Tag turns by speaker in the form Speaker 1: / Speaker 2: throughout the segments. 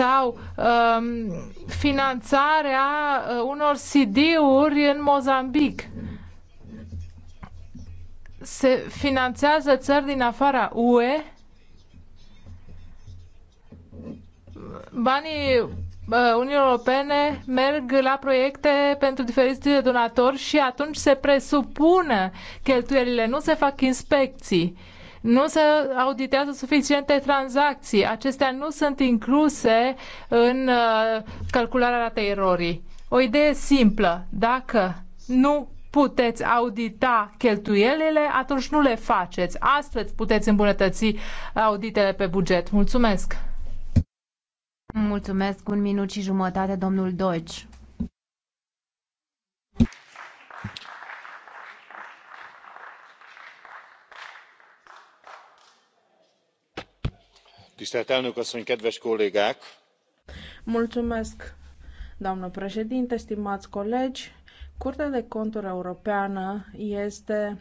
Speaker 1: sau um, finanțarea uh, unor CD-uri în Mozambic. Se finanțează țări din afara UE. Banii uh, Uniunii Europene merg la proiecte pentru diferiți donatori și atunci se presupune cheltuielile, nu se fac inspecții. Nu se auditează suficiente tranzacții. Acestea nu sunt incluse în uh, calcularea ratei erorii. O idee simplă. Dacă nu puteți audita cheltuielile, atunci nu le faceți. Astfel puteți îmbunătăți auditele pe buget. Mulțumesc!
Speaker 2: Mulțumesc. Un minut și jumătate, domnul Deutsch.
Speaker 3: doamnă președintă stimați colegi curtea de conturi europeană este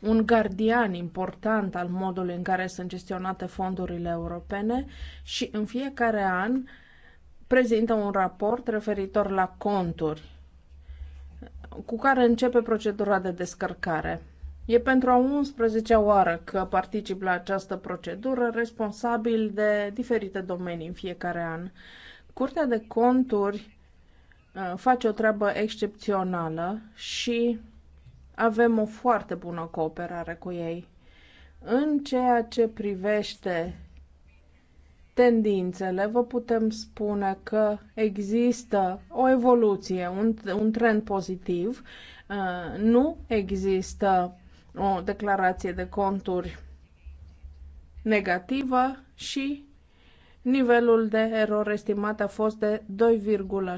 Speaker 3: un gardian important al modului în care sunt gestionate fondurile europene și în fiecare an prezintă un raport referitor la conturi cu care începe procedura de descărcare E pentru a 11 oară că particip la această procedură, responsabil de diferite domenii în fiecare an. Curtea de conturi uh, face o treabă excepțională și avem o foarte bună cooperare cu ei. În ceea ce privește tendințele, vă putem spune că există o evoluție, un, un trend pozitiv. Uh, nu există o declarație de conturi negativă și nivelul de erori estimat a fost de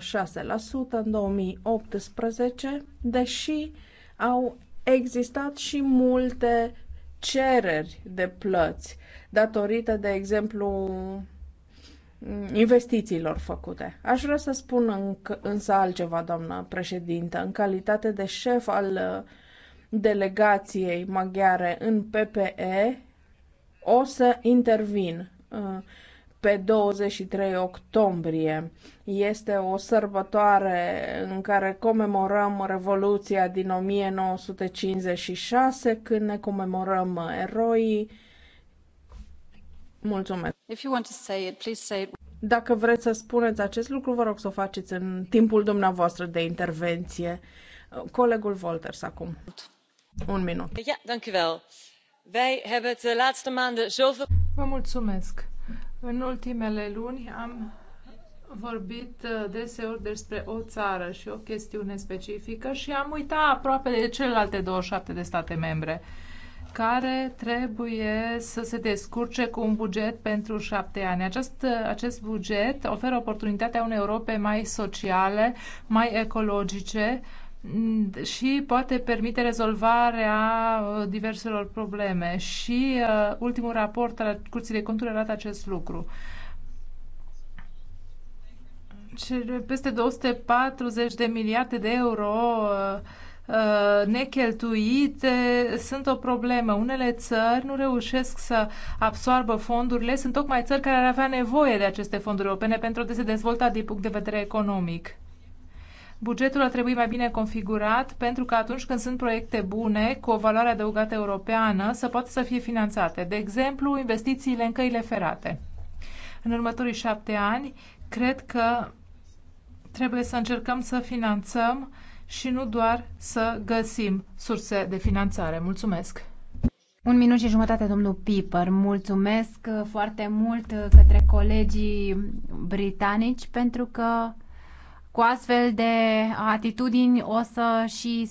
Speaker 3: 2,6% în 2018, deși au existat și multe cereri de plăți datorită, de exemplu, investițiilor făcute. Aș vrea să spun încă, însă altceva, doamnă președintă, în calitate de șef al delegației maghiare în PPE, o să intervin uh, pe 23 octombrie. Este o sărbătoare în care comemorăm Revoluția din 1956, când ne comemorăm eroii. Mulțumesc! If you want to say it, please say it. Dacă vreți să spuneți acest lucru, vă rog să o faceți în timpul dumneavoastră de intervenție. Colegul Volters acum.
Speaker 1: Vă mulțumesc. În ultimele luni am vorbit uh, deseori despre o țară și o chestiune specifică și am uitat aproape de celelalte șapte de state membre care trebuie să se descurce cu un buget pentru șapte ani. Acest, uh, acest buget oferă oportunitatea unei Europe mai sociale, mai ecologice, și poate permite rezolvarea uh, diverselor probleme. Și uh, ultimul raport al Curții de Conturi arată acest lucru. Peste 240 de miliarde de euro uh, uh, necheltuite sunt o problemă. Unele țări nu reușesc să absorbă fondurile, sunt tocmai țări care ar avea nevoie de aceste fonduri europene pentru a se dezvolta din punct de vedere economic. Bugetul ar trebui mai bine configurat pentru că atunci când sunt proiecte bune, cu o valoare adăugată europeană, să poată să fie finanțate. De exemplu, investițiile în căile ferate. În următorii șapte ani, cred că trebuie să încercăm să finanțăm și nu doar să găsim surse de finanțare. Mulțumesc!
Speaker 2: Un minut și jumătate, domnul Piper. Mulțumesc foarte mult către colegii britanici pentru că cu astfel de atitudini o să și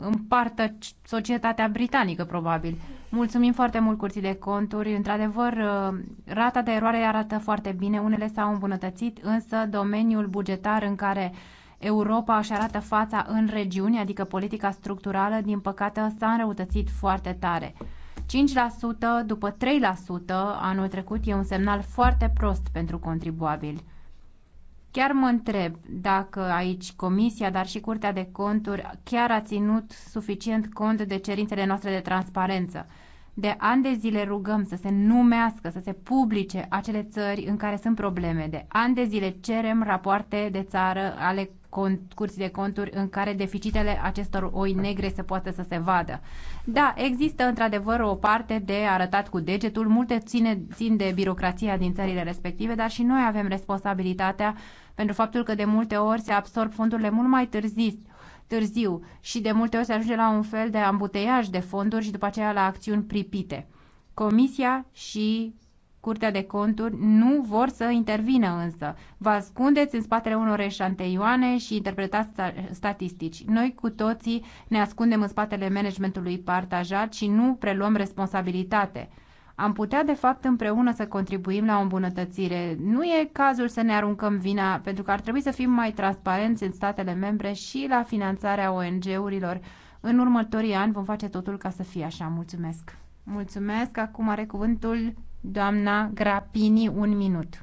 Speaker 2: împartă societatea britanică, probabil. Mulțumim foarte mult curții de conturi. Într-adevăr, rata de eroare arată foarte bine. Unele s-au îmbunătățit, însă domeniul bugetar în care Europa își arată fața în regiuni, adică politica structurală, din păcate s-a înrăutățit foarte tare. 5% după 3% anul trecut e un semnal foarte prost pentru contribuabili. Chiar mă întreb dacă aici Comisia, dar și Curtea de Conturi chiar a ținut suficient cont de cerințele noastre de transparență. De ani de zile rugăm să se numească, să se publice acele țări în care sunt probleme. De ani de zile cerem rapoarte de țară ale cont, curții de conturi în care deficitele acestor oi negre se poate să se vadă. Da, există într-adevăr o parte de arătat cu degetul, multe ține, țin de birocrația din țările respective, dar și noi avem responsabilitatea pentru faptul că de multe ori se absorb fondurile mult mai târziu târziu și de multe ori se ajunge la un fel de ambuteiaj de fonduri și după aceea la acțiuni pripite. Comisia și Curtea de Conturi nu vor să intervină însă. Vă ascundeți în spatele unor eșanteioane și interpretați statistici. Noi cu toții ne ascundem în spatele managementului partajat și nu preluăm responsabilitate. Am putea, de fapt, împreună să contribuim la o îmbunătățire. Nu e cazul să ne aruncăm vina, pentru că ar trebui să fim mai transparenți în statele membre și la finanțarea ONG-urilor. În următorii ani vom face totul ca să fie așa. Mulțumesc! Mulțumesc! Acum are cuvântul Doamna Grapini, un minut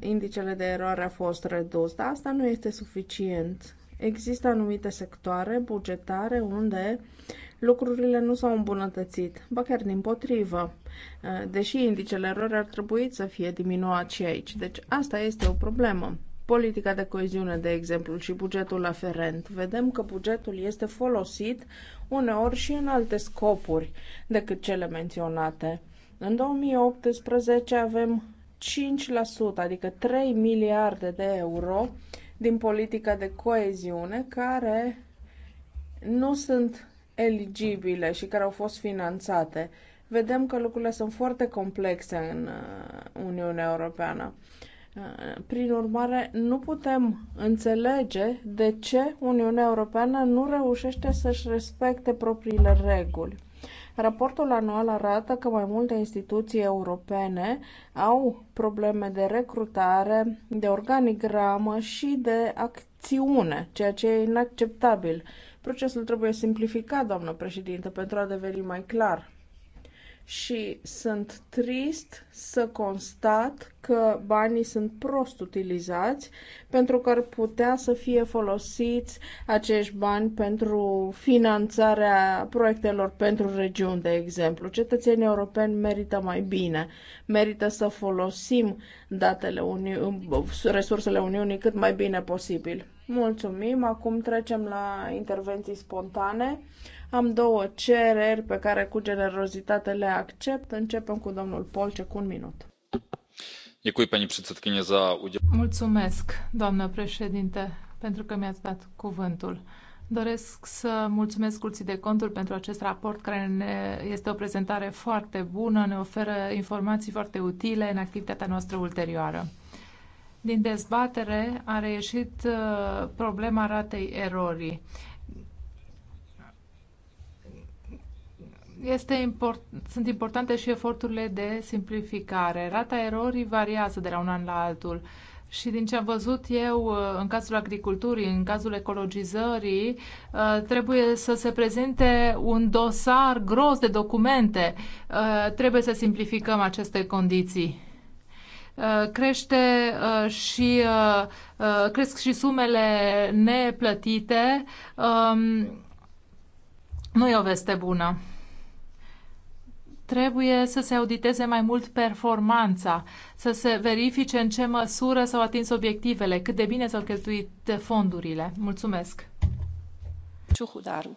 Speaker 3: indicele de eroare a fost redus, dar asta nu este suficient. Există anumite sectoare bugetare unde lucrurile nu s-au îmbunătățit, ba chiar din potrivă, eh, deși indicele eroare ar trebui să fie diminuat și aici. Deci asta este o problemă. Politica de coeziune, de exemplu, și bugetul aferent. Vedem că bugetul este folosit uneori și în alte scopuri decât cele menționate. În 2018 avem 5%, adică 3 miliarde de euro din politica de coeziune care nu sunt eligibile și care au fost finanțate. Vedem că lucrurile sunt foarte complexe în uh, Uniunea Europeană. Uh, prin urmare, nu putem înțelege de ce Uniunea Europeană nu reușește să-și respecte propriile reguli. Raportul anual arată că mai multe instituții europene au probleme de recrutare, de organigramă și de acțiune, ceea ce e inacceptabil. Procesul trebuie simplificat, doamnă președinte, pentru a deveni mai clar și sunt trist să constat că banii sunt prost utilizați pentru că ar putea să fie folosiți acești bani pentru finanțarea proiectelor pentru regiuni, de exemplu. Cetățenii europeni merită mai bine, merită să folosim datele Uni- resursele Uniunii cât mai bine posibil. Mulțumim, acum trecem la intervenții spontane. Am două cereri pe care cu generozitate le accept. Începem cu domnul cu un minut. Mulțumesc,
Speaker 1: doamnă președinte, pentru că mi-ați dat cuvântul. Doresc să mulțumesc Curții de Conturi pentru acest raport care ne este o prezentare foarte bună, ne oferă informații foarte utile în activitatea noastră ulterioară. Din dezbatere a reieșit uh, problema ratei erorii. este import, sunt importante și eforturile de simplificare. Rata erorii variază de la un an la altul. Și din ce am văzut eu, uh, în cazul agriculturii, în cazul ecologizării, uh, trebuie să se prezinte un dosar gros de documente. Uh, trebuie să simplificăm aceste condiții crește și cresc și sumele neplătite. Um, nu e o veste bună. Trebuie să se auditeze mai mult performanța, să se verifice în ce măsură s-au atins obiectivele, cât de bine s-au cheltuit fondurile. Mulțumesc! Ciuhudaru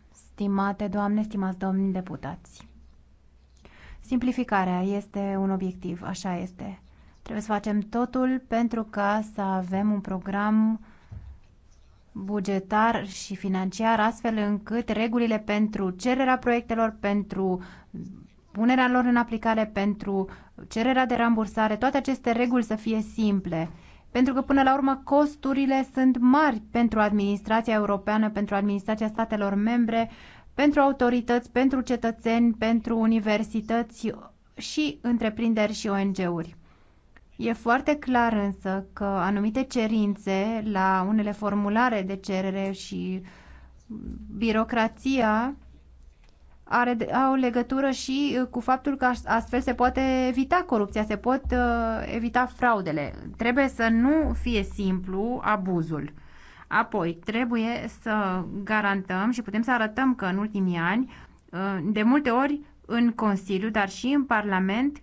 Speaker 2: Stimate doamne, stimați domni deputați, simplificarea este un obiectiv, așa este. Trebuie să facem totul pentru ca să avem un program bugetar și financiar astfel încât regulile pentru cererea proiectelor, pentru punerea lor în aplicare, pentru cererea de rambursare, toate aceste reguli să fie simple pentru că, până la urmă, costurile sunt mari pentru administrația europeană, pentru administrația statelor membre, pentru autorități, pentru cetățeni, pentru universități și întreprinderi și ONG-uri. E foarte clar însă că anumite cerințe la unele formulare de cerere și birocrația are, au legătură și uh, cu faptul că astfel se poate evita corupția, se pot uh, evita fraudele. Trebuie să nu fie simplu abuzul. Apoi, trebuie să garantăm și putem să arătăm că în ultimii ani, uh, de multe ori în Consiliu, dar și în Parlament,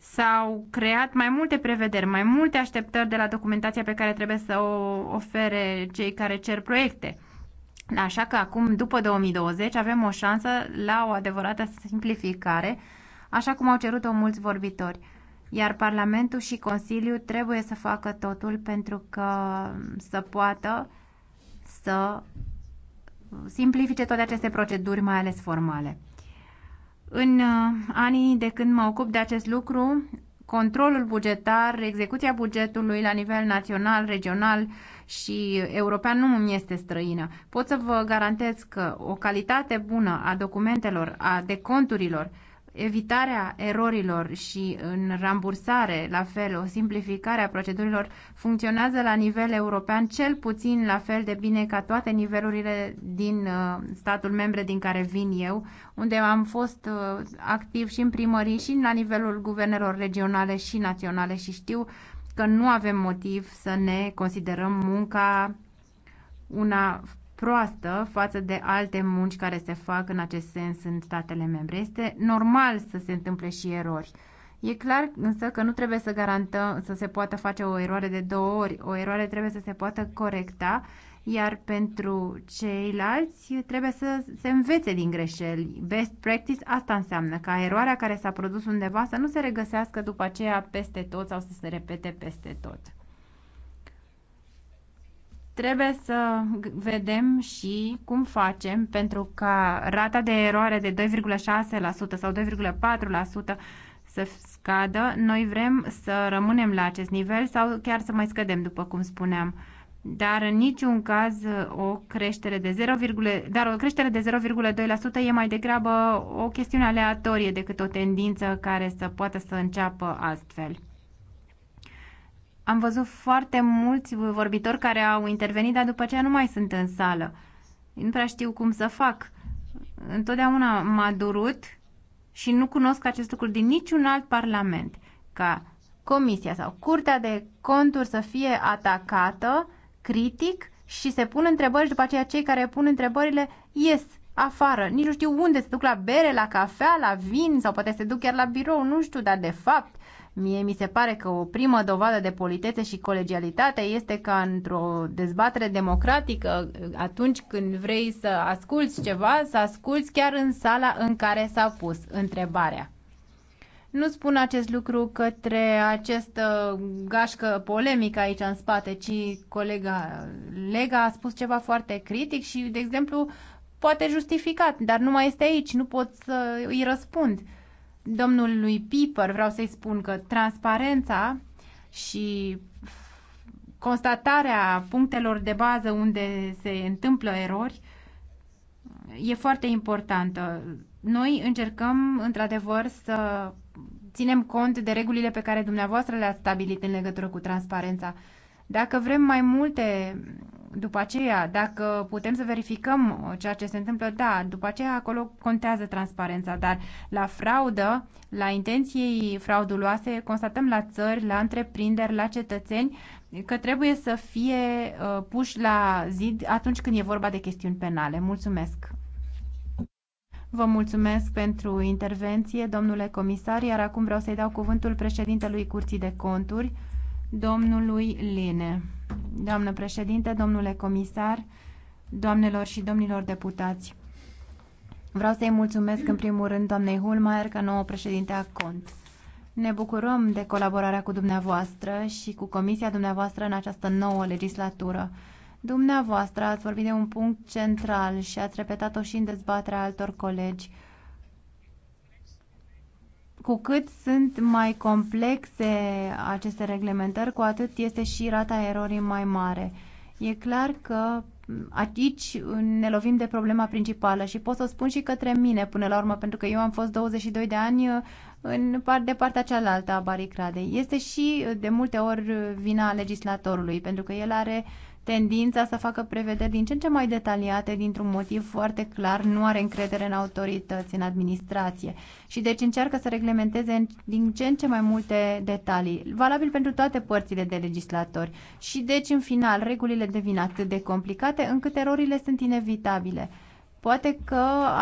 Speaker 2: s-au creat mai multe prevederi, mai multe așteptări de la documentația pe care trebuie să o ofere cei care cer proiecte. Așa că acum, după 2020, avem o șansă la o adevărată simplificare, așa cum au cerut-o mulți vorbitori. Iar Parlamentul și Consiliul trebuie să facă totul pentru că să poată să simplifice toate aceste proceduri, mai ales formale. În uh, anii de când mă ocup de acest lucru, controlul bugetar, execuția bugetului la nivel național, regional, și european nu mi este străină. Pot să vă garantez că o calitate bună a documentelor, a deconturilor, evitarea erorilor și în rambursare, la fel, o simplificare a procedurilor funcționează la nivel european cel puțin la fel de bine ca toate nivelurile din uh, statul membre din care vin eu, unde am fost uh, activ și în primării și la nivelul guvernelor regionale și naționale și știu că nu avem motiv să ne considerăm munca una proastă față de alte munci care se fac în acest sens în statele membre. Este normal să se întâmple și erori. E clar însă că nu trebuie să garantăm să se poată face o eroare de două ori. O eroare trebuie să se poată corecta iar pentru ceilalți trebuie să se învețe din greșeli. Best practice asta înseamnă ca eroarea care s-a produs undeva să nu se regăsească după aceea peste tot sau să se repete peste tot. Trebuie să vedem și cum facem pentru ca rata de eroare de 2,6% sau 2,4% să scadă. Noi vrem să rămânem la acest nivel sau chiar să mai scădem, după cum spuneam dar în niciun caz o creștere de 0, dar o creștere de 0,2% e mai degrabă o chestiune aleatorie decât o tendință care să poată să înceapă astfel. Am văzut foarte mulți vorbitori care au intervenit, dar după aceea nu mai sunt în sală. Nu prea știu cum să fac. Întotdeauna m-a durut și nu cunosc acest lucru din niciun alt parlament. Ca Comisia sau Curtea de Conturi să fie atacată critic și se pun întrebări și după aceea cei care pun întrebările ies afară. Nici nu știu unde se duc la bere, la cafea, la vin sau poate se duc chiar la birou, nu știu, dar de fapt Mie mi se pare că o primă dovadă de politețe și colegialitate este că într-o dezbatere democratică, atunci când vrei să asculți ceva, să asculți chiar în sala în care s-a pus întrebarea. Nu spun acest lucru către această gașcă polemică aici în spate, ci colega Lega a spus ceva foarte critic și, de exemplu, poate justificat, dar nu mai este aici, nu pot să îi răspund. Domnului Piper vreau să-i spun că transparența și constatarea punctelor de bază unde se întâmplă erori e foarte importantă. Noi încercăm, într-adevăr, să ținem cont de regulile pe care dumneavoastră le-ați stabilit în legătură cu transparența. Dacă vrem mai multe după aceea, dacă putem să verificăm ceea ce se întâmplă, da, după aceea acolo contează transparența, dar la fraudă, la intenției frauduloase, constatăm la țări, la întreprinderi, la cetățeni că trebuie să fie uh, puși la zid atunci când e vorba de chestiuni penale. Mulțumesc! Vă mulțumesc pentru intervenție, domnule comisar, iar acum vreau să-i dau cuvântul președintelui Curții de Conturi, domnului Line. Doamnă președinte, domnule comisar, doamnelor și domnilor deputați, vreau să-i mulțumesc în primul rând doamnei Hulmaier ca nouă președinte a Cont. Ne bucurăm de colaborarea cu dumneavoastră și cu comisia dumneavoastră în această nouă legislatură. Dumneavoastră ați vorbit de un punct central și ați repetat-o și în dezbaterea altor colegi. Cu cât sunt mai complexe aceste reglementări, cu atât este și rata erorii mai mare. E clar că aici ne lovim de problema principală și pot să o spun și către mine până la urmă, pentru că eu am fost 22 de ani uh, în par, de partea cealaltă a baricradei. Este și uh, de multe ori uh, vina legislatorului, pentru că el are tendința să facă prevederi din ce în ce mai detaliate, dintr-un motiv foarte clar, nu are încredere în autorități, în administrație și deci încearcă să reglementeze din ce în ce mai multe detalii, valabil pentru toate părțile de legislatori. Și deci, în final, regulile devin atât de complicate încât erorile sunt inevitabile. Poate că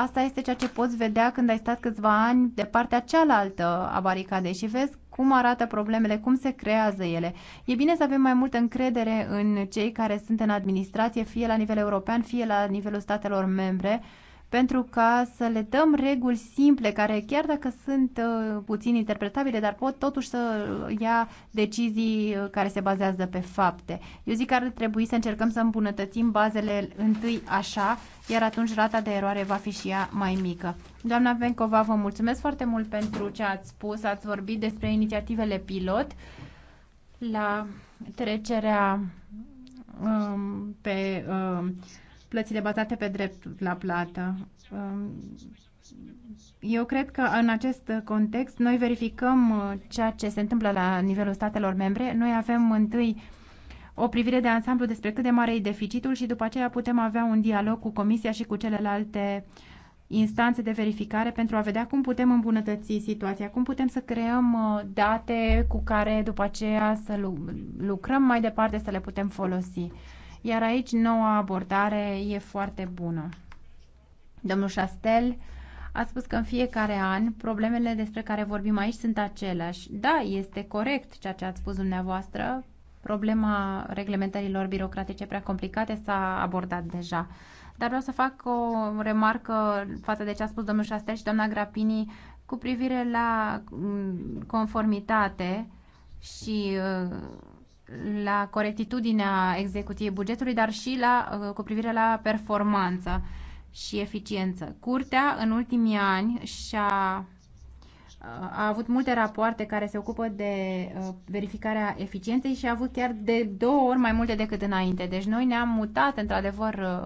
Speaker 2: asta este ceea ce poți vedea când ai stat câțiva ani de partea cealaltă a baricadei și vezi cum arată problemele, cum se creează ele. E bine să avem mai multă încredere în cei care sunt în administrație, fie la nivel european, fie la nivelul statelor membre, pentru ca să le dăm reguli simple, care chiar dacă sunt uh, puțin interpretabile, dar pot totuși să ia decizii uh, care se bazează pe fapte. Eu zic că ar trebui să încercăm să îmbunătățim bazele întâi așa, iar atunci rata de eroare va fi și ea mai mică. Doamna Vencova, vă mulțumesc foarte mult pentru ce ați spus. Ați vorbit despre inițiativele pilot la trecerea um, pe um, plățile bazate pe drept la plată. Um, eu cred că în acest context noi verificăm uh, ceea ce se întâmplă la nivelul statelor membre. Noi avem întâi o privire de ansamblu despre cât de mare e deficitul și după aceea putem avea un dialog cu Comisia și cu celelalte instanțe de verificare pentru a vedea cum putem îmbunătăți situația, cum putem să creăm uh, date cu care după aceea să lucrăm mai departe, să le putem folosi. Iar aici noua abordare e foarte bună. Domnul Chastel a spus că în fiecare an problemele despre care vorbim aici sunt aceleași. Da, este corect ceea ce ați spus dumneavoastră. Problema reglementărilor birocratice prea complicate s-a abordat deja. Dar vreau să fac o remarcă față de ce a spus domnul Șastel și doamna Grapini cu privire la mm, conformitate și uh, la corectitudinea execuției bugetului, dar și la, uh, cu privire la performanță și eficiență. Curtea, în ultimii ani, și-a uh, a avut multe rapoarte care se ocupă de uh, verificarea eficienței și a avut chiar de două ori mai multe decât înainte. Deci noi ne-am mutat, într-adevăr,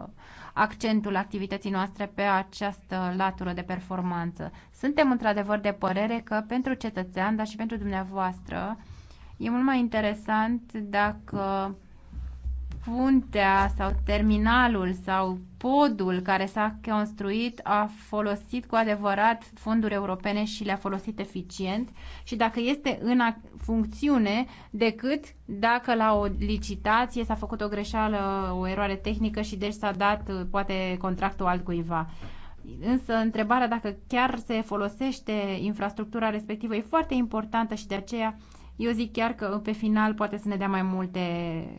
Speaker 2: accentul activității noastre pe această latură de performanță. Suntem, într-adevăr, de părere că pentru cetățean, dar și pentru dumneavoastră, E mult mai interesant dacă puntea sau terminalul sau podul care s-a construit a folosit cu adevărat fonduri europene și le-a folosit eficient și dacă este în funcțiune decât dacă la o licitație s-a făcut o greșeală, o eroare tehnică și deci s-a dat poate contractul altcuiva. Însă întrebarea dacă chiar se folosește infrastructura respectivă e foarte importantă și de aceea uh, eu zic chiar că pe final poate să ne dea mai multe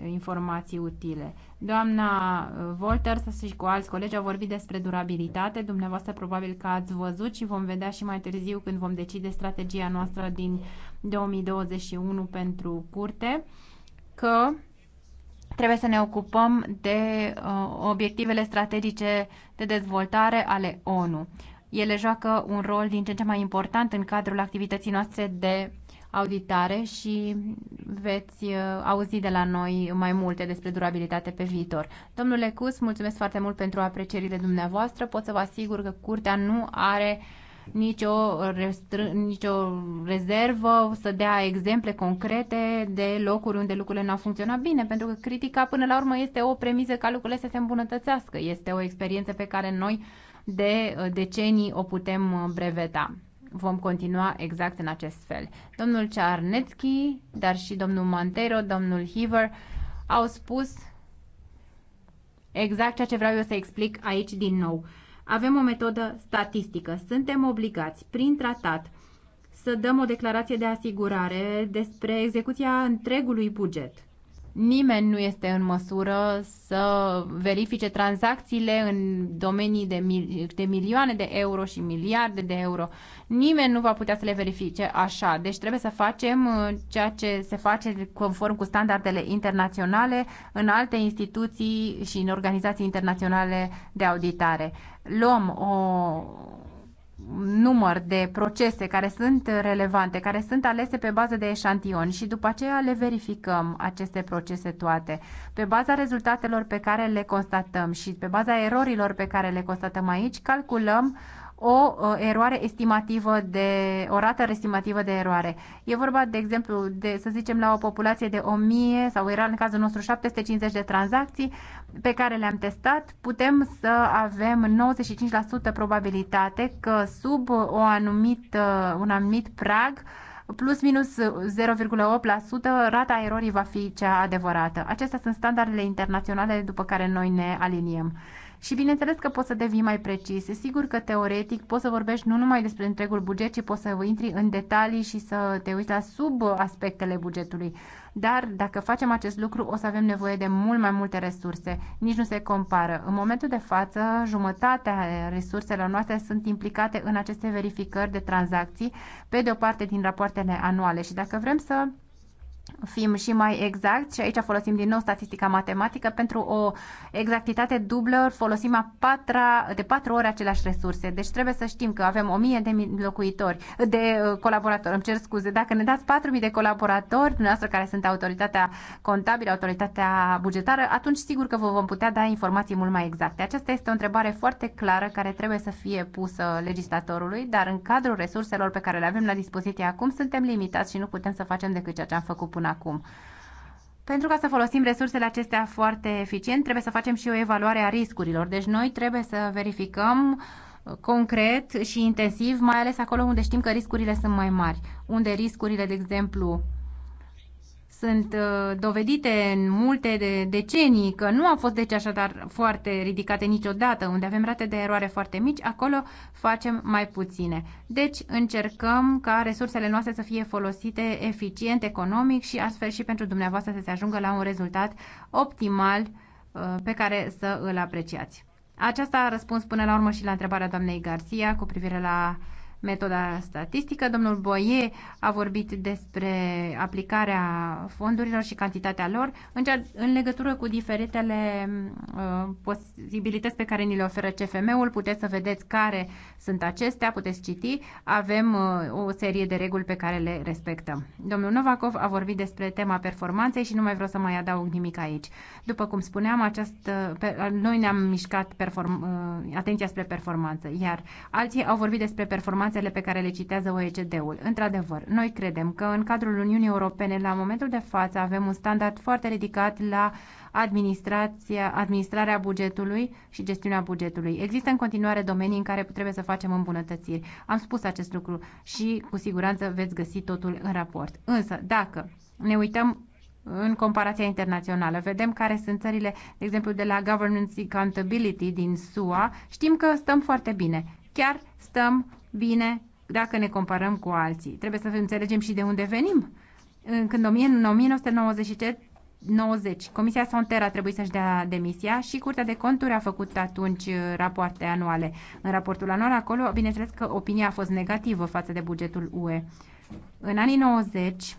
Speaker 2: informații utile. Doamna Volter uh, și cu alți colegi au vorbit despre durabilitate. Dumneavoastră probabil că ați văzut și vom vedea și mai târziu când vom decide strategia noastră din 2021 pentru curte că trebuie să ne ocupăm de uh, obiectivele strategice de dezvoltare ale ONU. Ele joacă un rol din ce în ce mai important în cadrul activității noastre de auditare și veți uh, auzi de la noi mai multe despre durabilitate pe viitor. Domnule Cus, mulțumesc foarte mult pentru aprecierile dumneavoastră. Pot să vă asigur că curtea nu are nicio, nicio rezervă să dea exemple concrete de locuri unde lucrurile nu au funcționat bine, pentru că critica până la urmă este o premiză ca lucrurile să se îmbunătățească. Este o experiență pe care noi de uh, decenii o putem uh, breveta vom continua exact în acest fel. Domnul Czarnecki, dar și domnul Montero, domnul Heaver au spus exact ceea ce vreau eu să explic aici din nou. Avem o metodă statistică. Suntem obligați prin tratat să dăm o declarație de asigurare despre execuția întregului buget. Nimeni nu este în măsură să verifice tranzacțiile în domenii de, mil- de milioane de euro și miliarde de euro. Nimeni nu va putea să le verifice așa. Deci trebuie să facem uh, ceea ce se face conform cu standardele internaționale în alte instituții și în organizații internaționale de auditare. Luăm o, număr de procese care sunt relevante, care sunt alese pe bază de eșantion și după aceea le verificăm aceste procese toate. Pe baza rezultatelor pe care le constatăm și pe baza erorilor pe care le constatăm aici, calculăm uh, o eroare estimativă de, o rată estimativă de eroare. E vorba, de exemplu, de, să zicem, la o populație de 1000 sau era în cazul nostru 750 de tranzacții pe care le-am testat, putem să avem 95% probabilitate că sub o anumit, un anumit prag plus minus 0,8%, rata erorii va fi cea adevărată. Acestea sunt standardele internaționale după care noi ne aliniem. Și bineînțeles că poți să devii mai precis. E sigur că teoretic poți să vorbești nu numai despre întregul buget, ci poți să intri în detalii și să te uiți la sub aspectele bugetului. Dar dacă facem acest lucru, o să avem nevoie de mult mai multe resurse. Nici nu se compară. În momentul de față, jumătatea resurselor noastre sunt implicate în aceste verificări de tranzacții, pe de o parte din rapoartele anuale. Și dacă vrem să fim și mai exact și aici folosim din nou statistica matematică pentru o exactitate dublă folosim a patra, de patru ori aceleași resurse. Deci trebuie să știm că avem 1000 de locuitori, de uh, colaboratori, îmi cer scuze. Dacă ne dați 4000 de colaboratori, dumneavoastră care sunt autoritatea contabilă, autoritatea bugetară, atunci sigur că vă vom putea da informații mult mai exacte. Aceasta este o întrebare foarte clară care trebuie să fie pusă legislatorului, dar în cadrul resurselor pe care le avem la dispoziție acum suntem limitați și nu putem să facem decât ceea ce am făcut până acum. Pentru ca să folosim resursele acestea foarte eficient, trebuie să facem și o evaluare a riscurilor. Deci noi trebuie să verificăm uh, concret și intensiv, mai ales acolo unde știm că riscurile sunt mai mari, unde riscurile, de exemplu, sunt uh, dovedite în multe de decenii că nu au fost deci așadar foarte ridicate niciodată, unde avem rate de eroare foarte mici, acolo facem mai puține. Deci încercăm ca resursele noastre să fie folosite eficient, economic și astfel și pentru dumneavoastră să se ajungă la un rezultat optimal uh, pe care să îl apreciați. Aceasta a răspuns până la urmă și la întrebarea doamnei Garcia cu privire la metoda statistică. Domnul Boie a vorbit despre aplicarea fondurilor și cantitatea lor în, cea, în legătură cu diferitele uh, posibilități pe care ni le oferă CFM-ul. Puteți să vedeți care sunt acestea, puteți citi. Avem uh, o serie de reguli pe care le respectăm. Domnul Novakov a vorbit despre tema performanței și nu mai vreau să mai adaug nimic aici. După cum spuneam, această, pe, noi ne-am mișcat perform, uh, atenția spre performanță, iar alții au vorbit despre performanță nuanțele pe care le citează OECD-ul. Într-adevăr, noi credem că în cadrul Uniunii Europene, la momentul de față, avem un standard foarte ridicat la administrația, administrarea bugetului și gestiunea bugetului. Există în continuare domenii în care trebuie să facem îmbunătățiri. Am spus acest lucru și cu siguranță veți găsi totul în raport. Însă, dacă ne uităm în comparația internațională. Vedem care sunt țările, de exemplu, de la Governance Accountability din SUA. Știm că stăm foarte bine. Chiar stăm bine dacă ne comparăm cu alții. Trebuie să înțelegem și de unde venim. Când în 1990 Comisia Sonter a trebuit să-și dea demisia și Curtea de Conturi a făcut atunci uh, rapoarte anuale. În raportul anual acolo, bineînțeles că opinia a fost negativă față de bugetul UE. În anii 90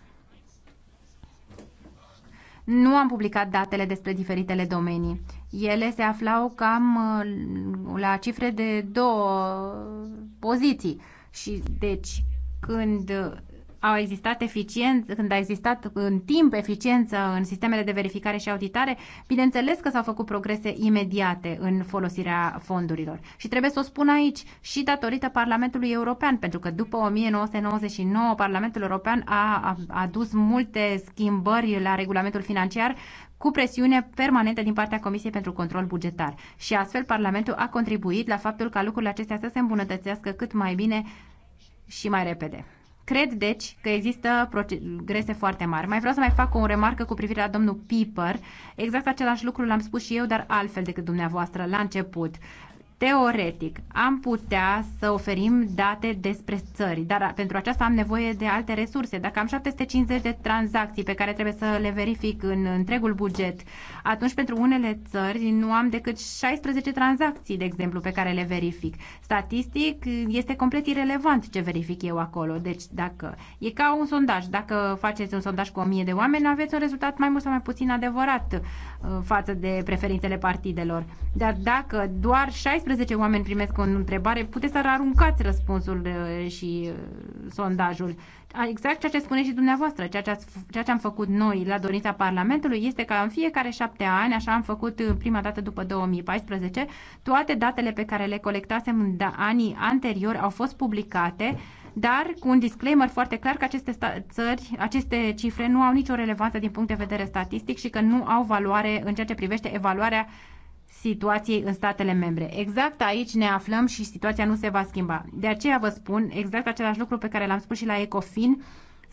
Speaker 2: nu am publicat datele despre diferitele domenii ele se aflau cam uh, la cifre de două poziții. Și deci când au existat eficiență, când a existat în timp eficiență în sistemele de verificare și auditare, bineînțeles că s-au făcut progrese imediate în folosirea fondurilor. Și trebuie să o spun aici și datorită Parlamentului European, pentru că după 1999 Parlamentul European a adus multe schimbări la regulamentul financiar cu presiune permanentă din partea Comisiei pentru Control Bugetar. Și astfel Parlamentul a contribuit la faptul ca lucrurile acestea să se îmbunătățească cât mai bine și mai repede. Cred, deci, că există progrese foarte mari. Mai vreau să mai fac o remarcă cu privire la domnul Piper. Exact același lucru l-am spus și eu, dar altfel decât dumneavoastră la început teoretic, am putea să oferim date despre țări, dar pentru aceasta am nevoie de alte resurse. Dacă am 750 de tranzacții pe care trebuie să le verific în întregul buget, atunci pentru unele țări nu am decât 16 tranzacții, de exemplu, pe care le verific. Statistic, este complet irelevant ce verific eu acolo. Deci, dacă e ca un sondaj, dacă faceți un sondaj cu 1000 de oameni, aveți un rezultat mai mult sau mai puțin adevărat uh, față de preferințele partidelor. Dar dacă doar 16 12 oameni primesc o întrebare, puteți să aruncați răspunsul uh, și uh, sondajul. Exact ceea ce spuneți și dumneavoastră, ceea ce, ați, ceea ce am făcut noi la dorința Parlamentului este că în fiecare șapte ani, așa am făcut uh, prima dată după 2014, toate datele pe care le colectasem în da- anii anteriori au fost publicate dar cu un disclaimer foarte clar că aceste țări, aceste cifre nu au nicio relevanță din punct de vedere statistic și că nu au valoare în ceea ce privește evaluarea uh, situației în statele membre. Exact aici ne aflăm și situația nu se va schimba. De aceea vă spun exact același lucru pe care l-am spus și la Ecofin,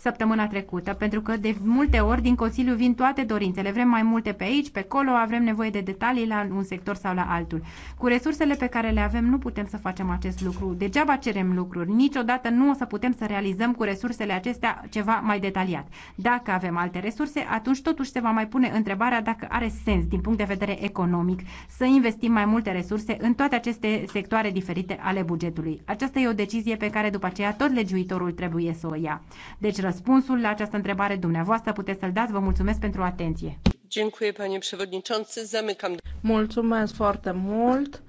Speaker 2: săptămâna trecută, pentru că de multe ori din Consiliu vin toate dorințele. Vrem mai multe pe aici, pe acolo, avem nevoie de detalii la un sector sau la altul. Cu resursele pe care le avem nu putem să facem acest lucru. Degeaba cerem lucruri. Niciodată nu o să putem să realizăm cu resursele acestea ceva mai detaliat. Dacă avem alte resurse, atunci totuși se va mai pune întrebarea dacă are sens din punct de vedere economic să investim mai multe resurse în toate aceste sectoare diferite ale bugetului. Aceasta e o decizie pe care după aceea tot legiuitorul trebuie să o ia. Deci răspunsul la această întrebare dumneavoastră puteți să-l dați. Vă mulțumesc
Speaker 3: pentru atenție. Mulțumesc foarte mult.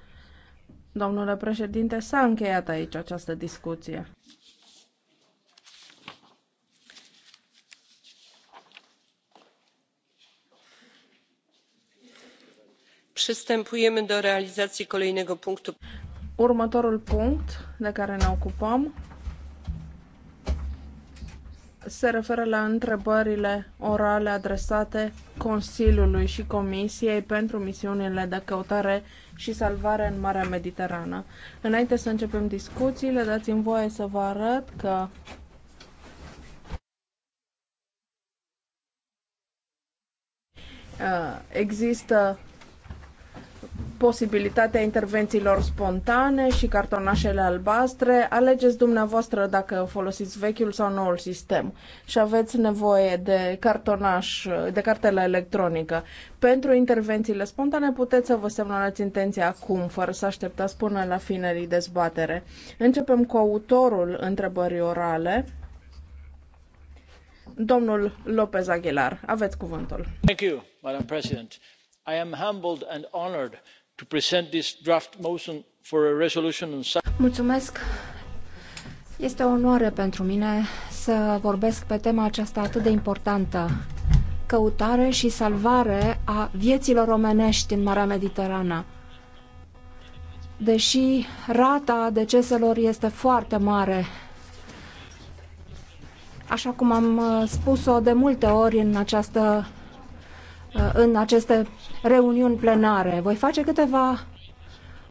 Speaker 3: Domnule președinte, s-a încheiat aici această discuție. Următorul punct de care ne ocupăm se referă la întrebările orale adresate Consiliului și Comisiei pentru misiunile de căutare și salvare în Marea Mediterană. Înainte să începem discuțiile, dați-mi voie să vă arăt că uh, există posibilitatea intervențiilor spontane și cartonașele albastre. Alegeți dumneavoastră dacă folosiți vechiul sau noul sistem și aveți nevoie de cartonaș, de cartela electronică. Pentru intervențiile spontane puteți să vă semnalați intenția acum, fără să așteptați până la finării dezbatere. Începem cu autorul întrebării orale. Domnul Lopez Aguilar, aveți cuvântul.
Speaker 4: Thank you, Madam President. I am humbled and honored
Speaker 3: Mulțumesc.
Speaker 5: Este o onoare pentru mine să vorbesc pe tema aceasta atât de importantă. Căutare și salvare a vieților omenești în Marea Mediterană. Deși rata deceselor este foarte mare, așa cum am uh, spus-o de multe ori în această în aceste reuniuni plenare. Voi face câteva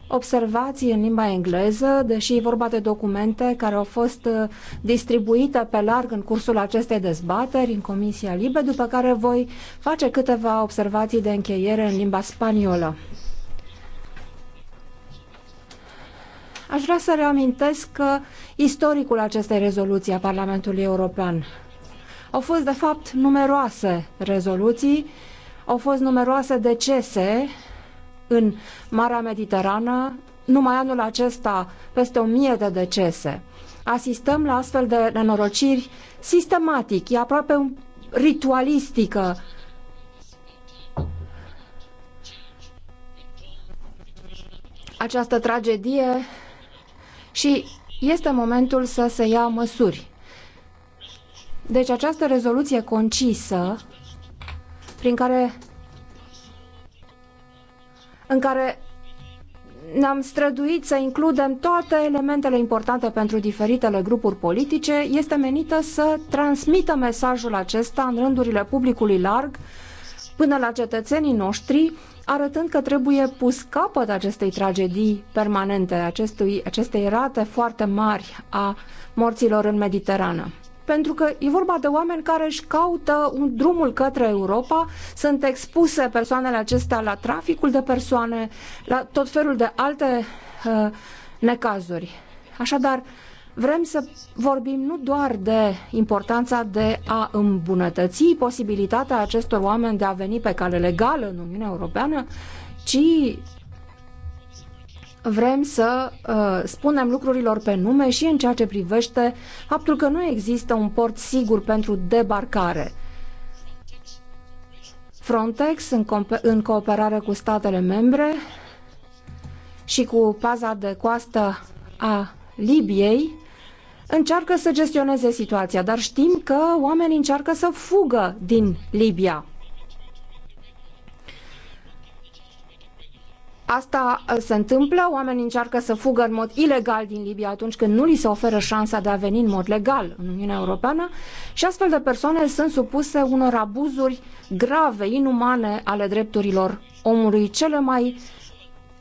Speaker 5: observații în limba engleză, deși e vorba de documente care au fost uh, distribuite pe larg în cursul acestei dezbateri în Comisia Libe, după care voi face câteva observații de încheiere în limba spaniolă. Aș vrea să reamintesc că istoricul acestei rezoluții a Parlamentului European. Au fost, de fapt, numeroase rezoluții au fost numeroase decese în Marea Mediterană, numai anul acesta peste o mie de decese. Asistăm la astfel de nenorociri sistematic, e aproape ritualistică. Această tragedie și este momentul să se ia măsuri. Deci această rezoluție concisă prin care în care ne-am străduit să includem toate elementele importante pentru diferitele grupuri politice, este menită să transmită mesajul acesta în rândurile publicului larg până la cetățenii noștri, arătând că trebuie pus capăt acestei tragedii permanente, acestui, acestei rate foarte mari a morților în Mediterană pentru că e vorba de oameni care își caută un drumul către Europa, sunt expuse persoanele acestea la traficul de persoane, la tot felul de alte uh, necazuri. Așadar, vrem să vorbim nu doar de importanța de a îmbunătăți posibilitatea acestor oameni de a veni pe cale legală în Uniunea Europeană, ci vrem să uh, spunem lucrurilor pe nume și în ceea ce privește faptul că nu există un port sigur pentru debarcare. Frontex, în, în cooperare cu statele membre și cu paza de coastă a Libiei, încearcă să gestioneze situația, dar știm că oamenii încearcă să fugă din Libia. Asta uh, se întâmplă, oamenii încearcă să fugă în mod ilegal din Libia atunci când nu li se oferă șansa de a veni în mod legal în Uniunea Europeană și astfel de persoane sunt supuse unor abuzuri grave, inumane ale drepturilor omului, cele mai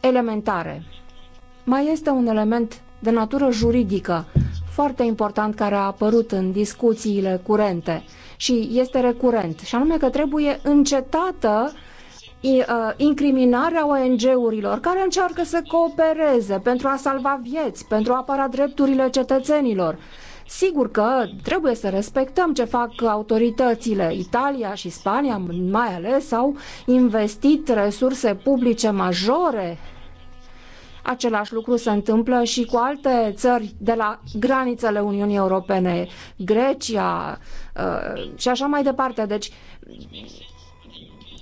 Speaker 5: elementare. Mai este un element de natură juridică foarte important care a apărut în discuțiile curente și este recurent, și anume că trebuie încetată uh, Uh, incriminarea ONG-urilor care încearcă să coopereze pentru a salva vieți, pentru a apăra drepturile cetățenilor. Sigur că trebuie să respectăm ce fac autoritățile. Italia și Spania, mai ales, au investit resurse publice majore. Același lucru se întâmplă și cu alte țări de la granițele Uniunii Europene, Grecia uh, și așa mai departe. Deci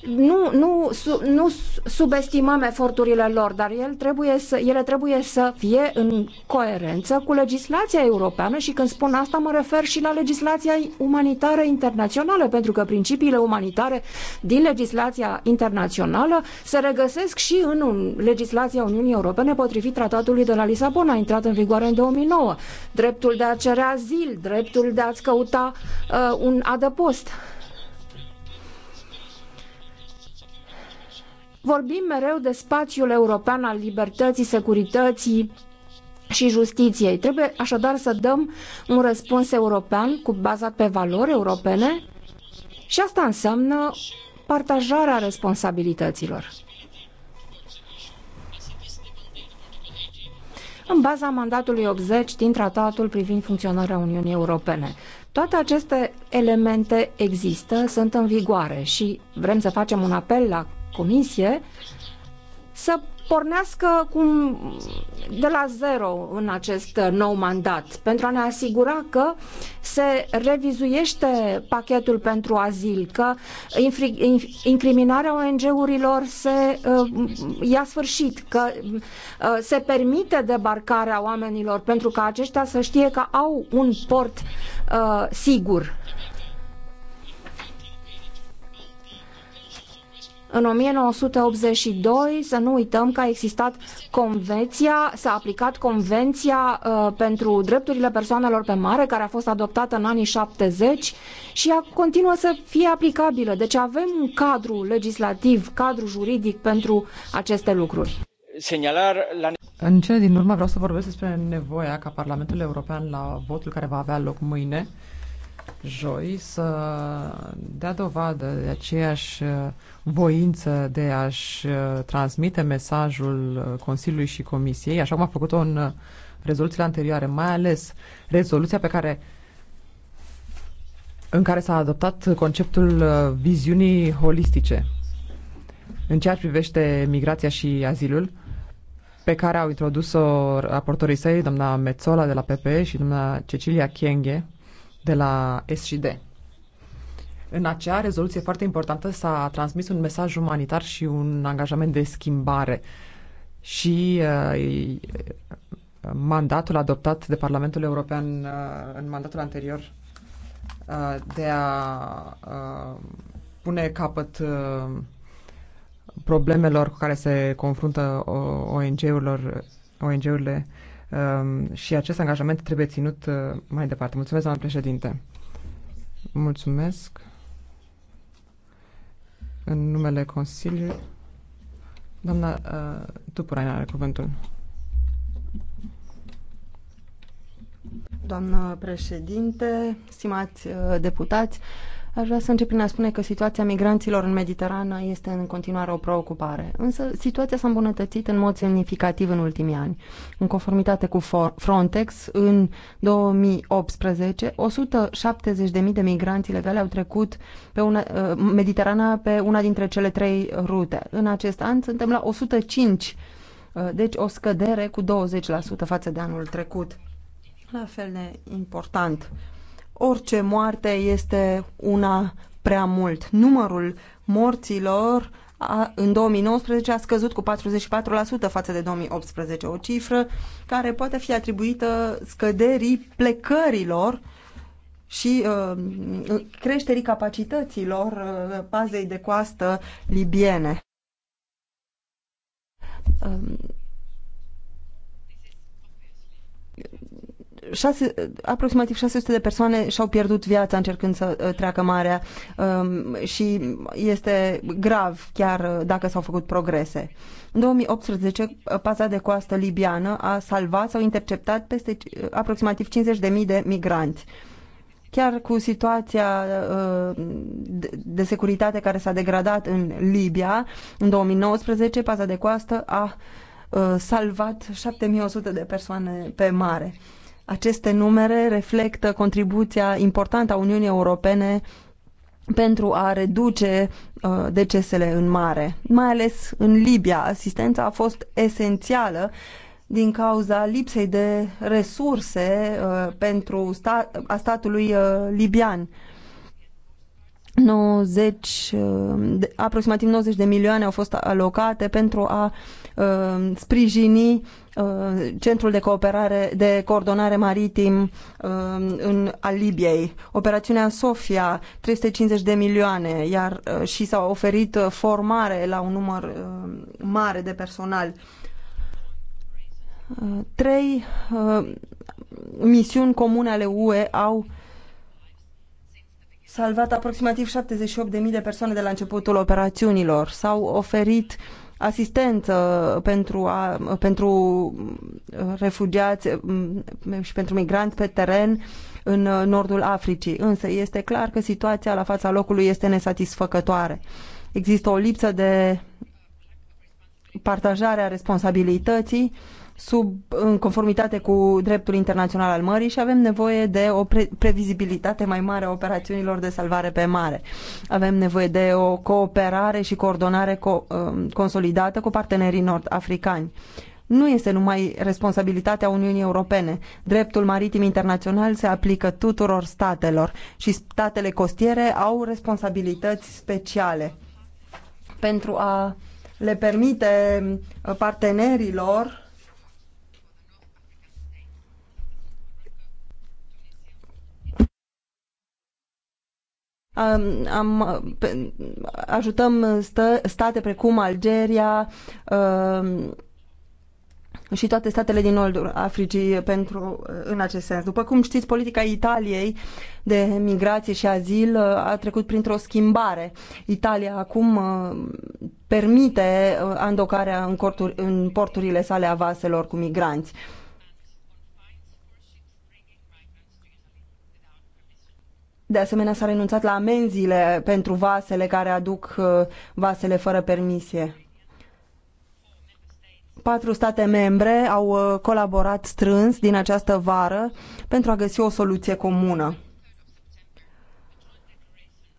Speaker 5: nu, nu, su, nu subestimăm eforturile lor, dar ele trebuie să, ele trebuie să fie în coerență cu legislația europeană și când spun asta mă refer și la legislația umanitară internațională, pentru că principiile umanitare din legislația internațională se regăsesc și în un, legislația Uniunii Europene potrivit tratatului de la Lisabona, intrat în vigoare în 2009. Dreptul de a cere azil, dreptul de a-ți căuta uh, un adăpost. Vorbim mereu de spațiul european al libertății, securității, și justiției. Trebuie așadar să dăm un răspuns european cu bazat pe valori europene și asta înseamnă partajarea responsabilităților. În baza mandatului 80 din tratatul privind funcționarea Uniunii Europene. Toate aceste elemente există, sunt în vigoare și vrem să facem un apel la comisie să pornească cum de la zero în acest nou mandat, pentru a ne asigura că se revizuiește pachetul pentru azil, că incriminarea ONG-urilor se uh, ia sfârșit, că uh, se permite debarcarea oamenilor pentru ca aceștia să știe că au un port uh, sigur În 1982, să nu uităm că a existat convenția, s-a aplicat convenția uh, pentru drepturile persoanelor pe mare, care a fost adoptată în anii 70 și a, continuă să fie aplicabilă. Deci avem un cadru legislativ, cadru juridic pentru aceste lucruri.
Speaker 4: la...
Speaker 6: În cele din urmă vreau să vorbesc despre nevoia ca Parlamentul European la votul care va avea loc mâine joi să dea dovadă de aceeași uh, voință de a-și uh, transmite mesajul uh, Consiliului și Comisiei, așa cum a făcut-o în rezoluțiile anterioare, mai ales rezoluția pe care în care s-a adoptat conceptul viziunii holistice în ceea ce privește migrația și azilul, pe care au introdus-o raportorii săi, doamna Mețola de la PPE și doamna Cecilia Chienghe, de la SD. În acea rezoluție foarte importantă s-a transmis un mesaj umanitar și un angajament de schimbare. Și uh, mandatul adoptat de Parlamentul European uh, în mandatul anterior uh, de a uh, pune capăt uh, problemelor cu care se confruntă ONG-urilor, ONG-urile uh, Um, și acest angajament trebuie ținut uh, mai departe. Mulțumesc, doamnă președinte. Mulțumesc. În numele Consiliului, doamna uh, Tupuraina are cuvântul.
Speaker 7: Doamnă președinte, stimați uh, deputați, Aș vrea să încep prin a spune că situația migranților în Mediterană este în continuare o preocupare, însă situația s-a îmbunătățit în mod semnificativ în ultimii ani. În conformitate cu Frontex, în 2018, 170.000 de migranți legale au trecut pe una, uh, Mediterana pe una dintre cele trei rute. În acest an suntem la 105, uh, deci o scădere cu 20% față de anul trecut. La fel de important orice moarte este una prea mult. Numărul morților a, în 2019 a scăzut cu 44% față de 2018, o cifră care poate fi atribuită scăderii plecărilor și uh, creșterii capacităților uh, bazei de coastă libiene. Uh, 6, aproximativ 600 de persoane și-au pierdut viața încercând să uh, treacă marea um, și este grav chiar uh, dacă s-au făcut progrese. În 2018, uh, paza de coastă libiană a salvat sau interceptat peste aproximativ 50.000 de migranți. Chiar cu situația de securitate care s-a degradat în Libia, în 2019, paza de coastă a salvat 7100 de persoane pe mare. Aceste numere reflectă contribuția importantă a Uniunii Europene pentru a reduce uh, decesele în mare. Mai ales în Libia, asistența a fost esențială din cauza lipsei de resurse uh, pentru sta a statului uh, libian. Uh, 90, aproximativ 90 de milioane au fost alocate pentru a uh, sprijini uh, centrul de cooperare de coordonare maritim uh, în al Libiei. Operațiunea Sofia 350 de milioane, iar uh, și s-a oferit uh, formare la un număr uh, mare de personal. Trei misiuni comune ale UE au salvat aproximativ 78.000 de persoane de la începutul operațiunilor, s-au oferit asistență pentru, a, pentru refugiați mm, și pentru migranți pe teren în nordul Africii. Însă este clar că situația la fața locului este nesatisfăcătoare. Există o lipsă de partajare a responsabilității sub, în conformitate cu dreptul internațional al mării și avem nevoie de o pre- previzibilitate mai mare a operațiunilor de salvare pe mare. Avem nevoie de o cooperare și coordonare co- um, consolidată cu partenerii nord-africani. Nu este numai responsabilitatea Uniunii Europene. Dreptul maritim internațional se aplică tuturor statelor și statele costiere au responsabilități speciale pentru a le permite partenerilor am, ajutăm stă, state precum Algeria um, și toate statele din nordul Africii pentru, uh, în acest sens. După cum știți, politica Italiei de migrație și azil uh, a trecut printr-o schimbare. Italia acum uh, permite andocarea în, corturi, în porturile sale a vaselor cu migranți. Uh, De asemenea, s-a renunțat la amenziile pentru vasele care aduc uh, vasele fără permisie. Patru state membre au uh, colaborat strâns din această vară pentru a găsi o soluție comună.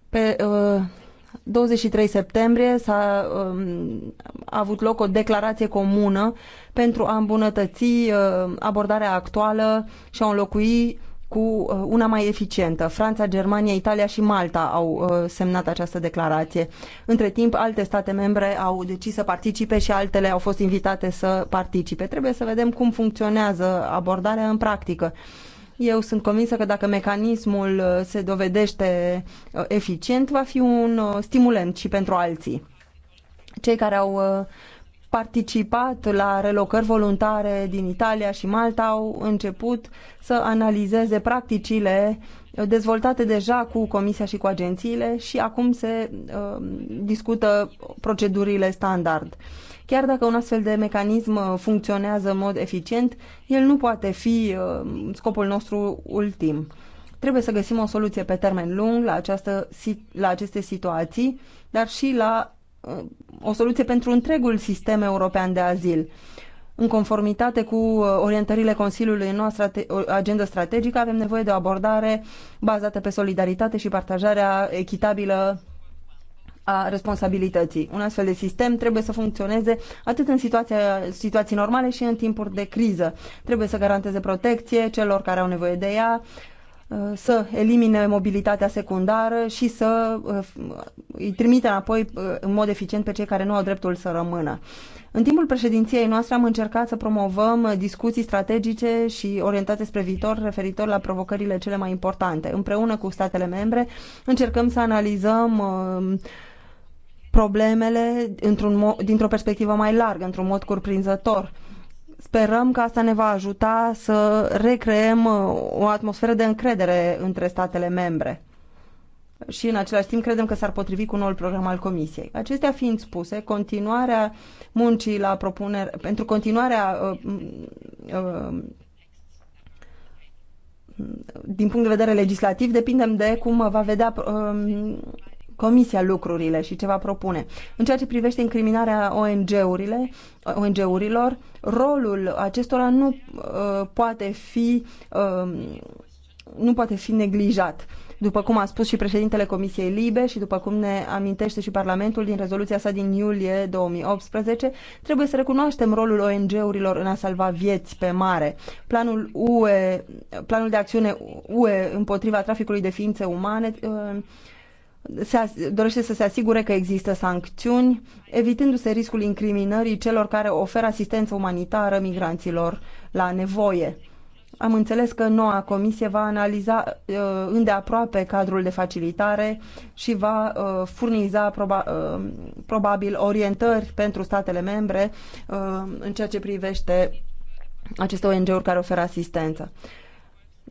Speaker 7: Pe uh, 23 septembrie s-a uh, avut loc o declarație comună pentru a îmbunătăți uh, abordarea actuală și a înlocui cu uh, una mai eficientă. Franța, Germania, Italia și Malta au uh, semnat această declarație. Între timp, alte state membre au decis să participe și altele au fost invitate să participe. Trebuie să vedem cum funcționează abordarea în practică. Eu sunt convinsă că dacă mecanismul uh, se dovedește eficient, va fi un stimulent și pentru alții. Cei care au participat la relocări voluntare din Italia și Malta au început să analizeze practicile dezvoltate deja cu Comisia și cu agențiile și acum se uh, discută procedurile standard. Chiar dacă un astfel de mecanism uh, funcționează în mod eficient, el nu poate fi uh, scopul nostru ultim. Trebuie să găsim o soluție pe termen lung la, această, la aceste situații, dar și la o soluție pentru întregul sistem european de azil. În conformitate cu uh, orientările Consiliului în strate- agendă strategică, avem nevoie de o abordare bazată pe solidaritate și partajarea echitabilă a responsabilității. Un astfel de sistem trebuie să funcționeze atât în situația, situații normale și în timpuri de criză. Trebuie să garanteze protecție celor care au nevoie de ea, Uh, să elimine mobilitatea secundară și să uh, îi trimite înapoi uh, în mod eficient pe cei care nu au dreptul să rămână. În timpul președinției noastre am încercat să promovăm discuții strategice și orientate spre viitor referitor la provocările cele mai importante. Împreună cu statele membre încercăm să analizăm problemele dintr-o perspectivă mai largă, într-un mod cuprinzător Sperăm că asta ne va ajuta să recreăm uh, o atmosferă de încredere între statele membre. Și în același timp credem că s-ar potrivi cu noul program al Comisiei. Acestea fiind spuse, continuarea muncii la propunere, pentru continuarea uh, uh, din punct de vedere legislativ, depindem de cum va vedea um, Comisia lucrurile și ce va propune. În ceea ce privește incriminarea ONG-urile, ONG-urilor, rolul acestora nu uh, poate fi uh, nu poate fi neglijat. După cum a spus și președintele Comisiei Libe și după cum ne amintește și Parlamentul din rezoluția sa din iulie 2018, trebuie să recunoaștem rolul ONG-urilor în a salva vieți pe mare. Planul, UE, planul de acțiune UE împotriva traficului de ființe umane uh, se dorește să se asigure că există sancțiuni, evitându-se riscul incriminării celor care oferă asistență umanitară migranților la nevoie. Am înțeles că noua comisie va analiza uh, îndeaproape cadrul de facilitare și va uh, furniza proba, uh, probabil orientări pentru statele membre uh, în ceea ce privește aceste ONG-uri care oferă asistență. Uh,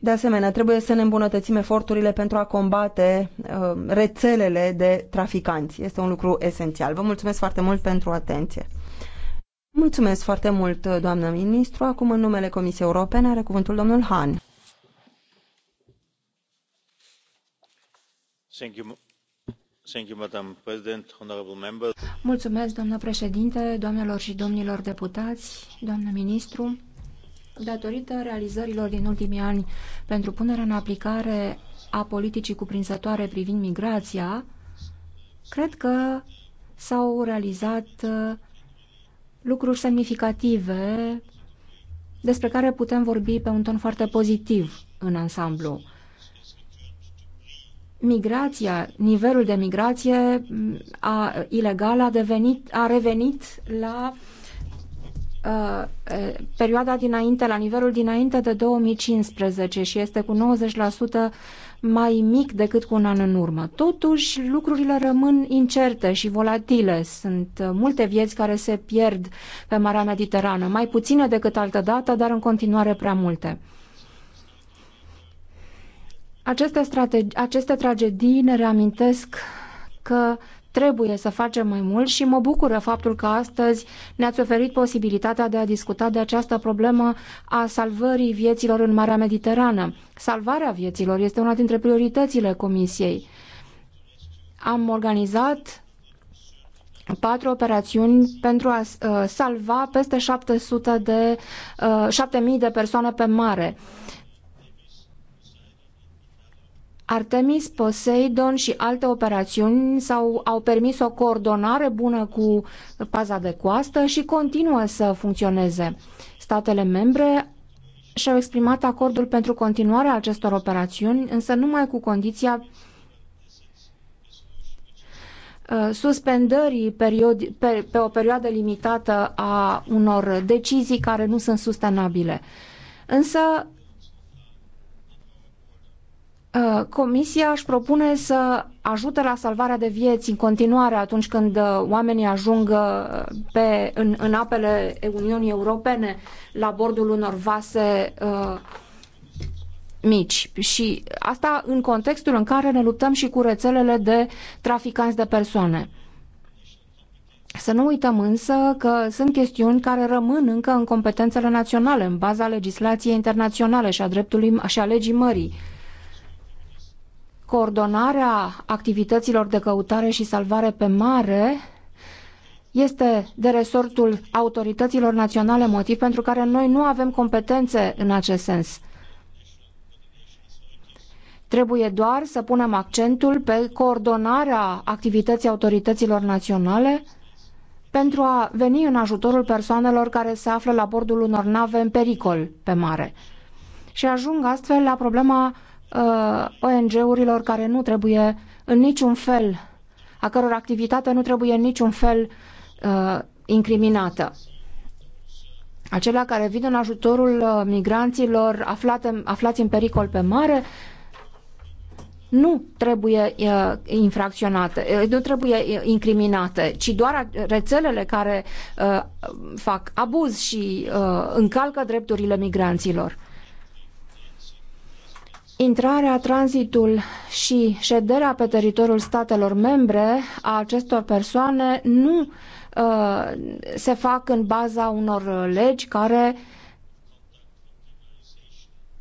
Speaker 7: de asemenea, trebuie să ne îmbunătățim eforturile pentru a combate uh, rețelele de traficanți. Este un lucru esențial. Vă mulțumesc foarte mult pentru atenție. Mulțumesc foarte mult, uh, doamnă ministru. Acum, în numele Comisiei Europene, are cuvântul domnul Han. Thank you. Thank you,
Speaker 8: Madam President, honorable members.
Speaker 5: Mulțumesc, doamnă președinte, doamnelor și domnilor deputați, doamnă ministru datorită realizărilor din ultimii ani pentru punerea în aplicare a politicii cuprinzătoare privind migrația, cred că s-au realizat uh, lucruri semnificative despre care putem vorbi pe un ton foarte pozitiv în ansamblu. Migrația, nivelul de migrație mm, a, ilegală a, devenit, a revenit la uh, Uh, perioada dinainte, la nivelul dinainte de 2015 și este cu 90% mai mic decât cu un an în urmă. Totuși, lucrurile rămân incerte și volatile. Sunt uh, multe vieți care se pierd pe Marea Mediterană, mai puține decât altă dată, dar în continuare prea multe. Aceste, strategi- aceste tragedii ne reamintesc că Trebuie să facem mai mult și mă bucură faptul că astăzi ne-ați oferit posibilitatea de a discuta de această problemă a salvării vieților în Marea Mediterană. Salvarea vieților este una dintre prioritățile Comisiei. Am organizat patru operațiuni pentru a uh, salva peste 700 de, 7000 uh, de persoane pe mare. Artemis, Poseidon și alte operațiuni sau au permis o coordonare bună cu paza de coastă și continuă să funcționeze. Statele membre și-au exprimat acordul pentru continuarea acestor operațiuni, însă numai cu condiția uh, suspendării periodi, pe, pe o perioadă limitată a unor decizii care nu sunt sustenabile. Însă Uh, comisia își propune să ajute la salvarea de vieți în continuare atunci când uh, oamenii ajung uh, pe, în, în apele Uniunii Europene la bordul unor vase uh, mici. Și asta în contextul în care ne luptăm și cu rețelele de traficanți de persoane. Să nu uităm însă că sunt chestiuni care rămân încă în competențele naționale, în baza legislației internaționale și a dreptului și a legii mării coordonarea activităților de căutare și salvare pe mare este de resortul autorităților naționale, motiv pentru care noi nu avem competențe în acest sens. Trebuie doar să punem accentul pe coordonarea activității autorităților naționale pentru a veni în ajutorul persoanelor care se află la bordul unor nave în pericol pe mare. Și ajung astfel la problema uh, ONG-urilor care nu trebuie în niciun fel, a căror activitate nu trebuie în niciun fel uh, incriminată. Acelea care vin în ajutorul uh, migranților aflate, aflați în pericol pe mare nu trebuie uh, infracționate, uh, nu trebuie uh, incriminate, ci doar rețelele care uh, fac abuz și uh, încalcă drepturile migranților. Intrarea, tranzitul și șederea pe teritoriul statelor membre a acestor persoane nu uh, se fac în baza unor legi care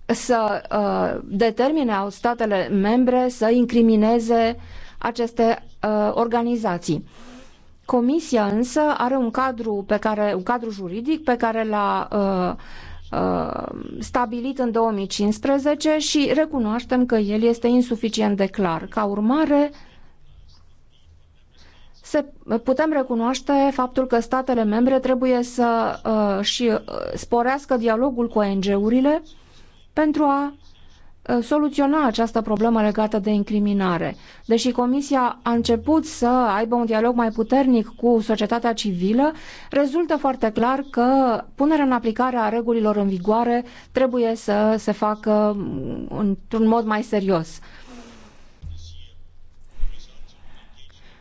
Speaker 5: să uh, determine statele membre să incrimineze aceste uh, organizații. Comisia însă are un cadru pe care un cadru juridic pe care l-a uh, Uh, stabilit în 2015 și recunoaștem că el este insuficient de clar. Ca urmare, se, putem recunoaște faptul că statele membre trebuie să uh, și uh, sporească dialogul cu ONG-urile pentru a Uh, soluționa această problemă legată de incriminare. Deși Comisia a început să aibă un dialog mai puternic cu societatea civilă, rezultă foarte clar că punerea în aplicare a regulilor în vigoare trebuie să se facă mm, într-un mod mai serios.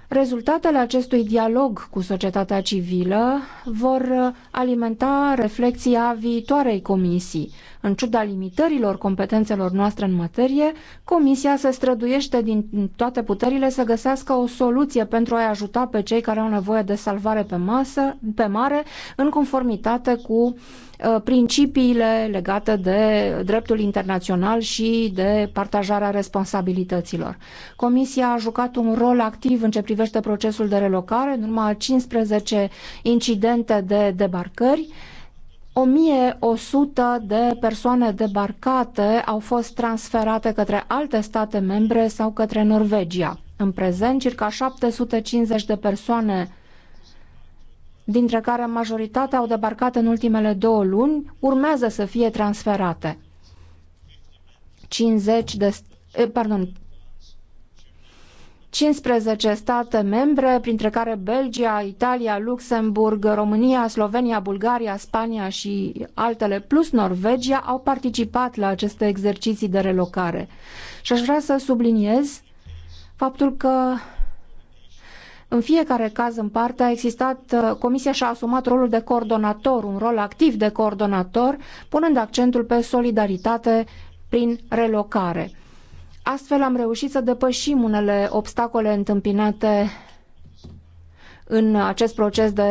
Speaker 5: Rezultatele acestui dialog cu societatea civilă vor alimenta reflexia viitoarei comisii. În ciuda limitărilor competențelor noastre în materie, comisia se străduiește din toate puterile să găsească o soluție pentru a-i ajuta pe cei care au nevoie de salvare pe, masă, pe mare, în conformitate cu uh, Uh, principiile legate de dreptul internațional și de partajarea responsabilităților. Comisia a jucat un rol activ în ce privește procesul de relocare, în urma 15 incidente de debarcări. 1100 de persoane debarcate au fost transferate către alte state membre sau către Norvegia. În prezent, circa 750 de persoane dintre care majoritatea au debarcat în ultimele două luni, urmează să fie transferate. 50 de, pardon, 15 state membre, printre care Belgia, Italia, Luxemburg, România, Slovenia, Bulgaria, Spania și altele, plus Norvegia, au participat la aceste exerciții de relocare. Și aș vrea să subliniez faptul că în fiecare caz în parte a existat, uh, Comisia și-a asumat rolul de coordonator, un rol activ de coordonator, punând accentul pe solidaritate prin relocare. Astfel am reușit să depășim unele obstacole întâmpinate în acest proces de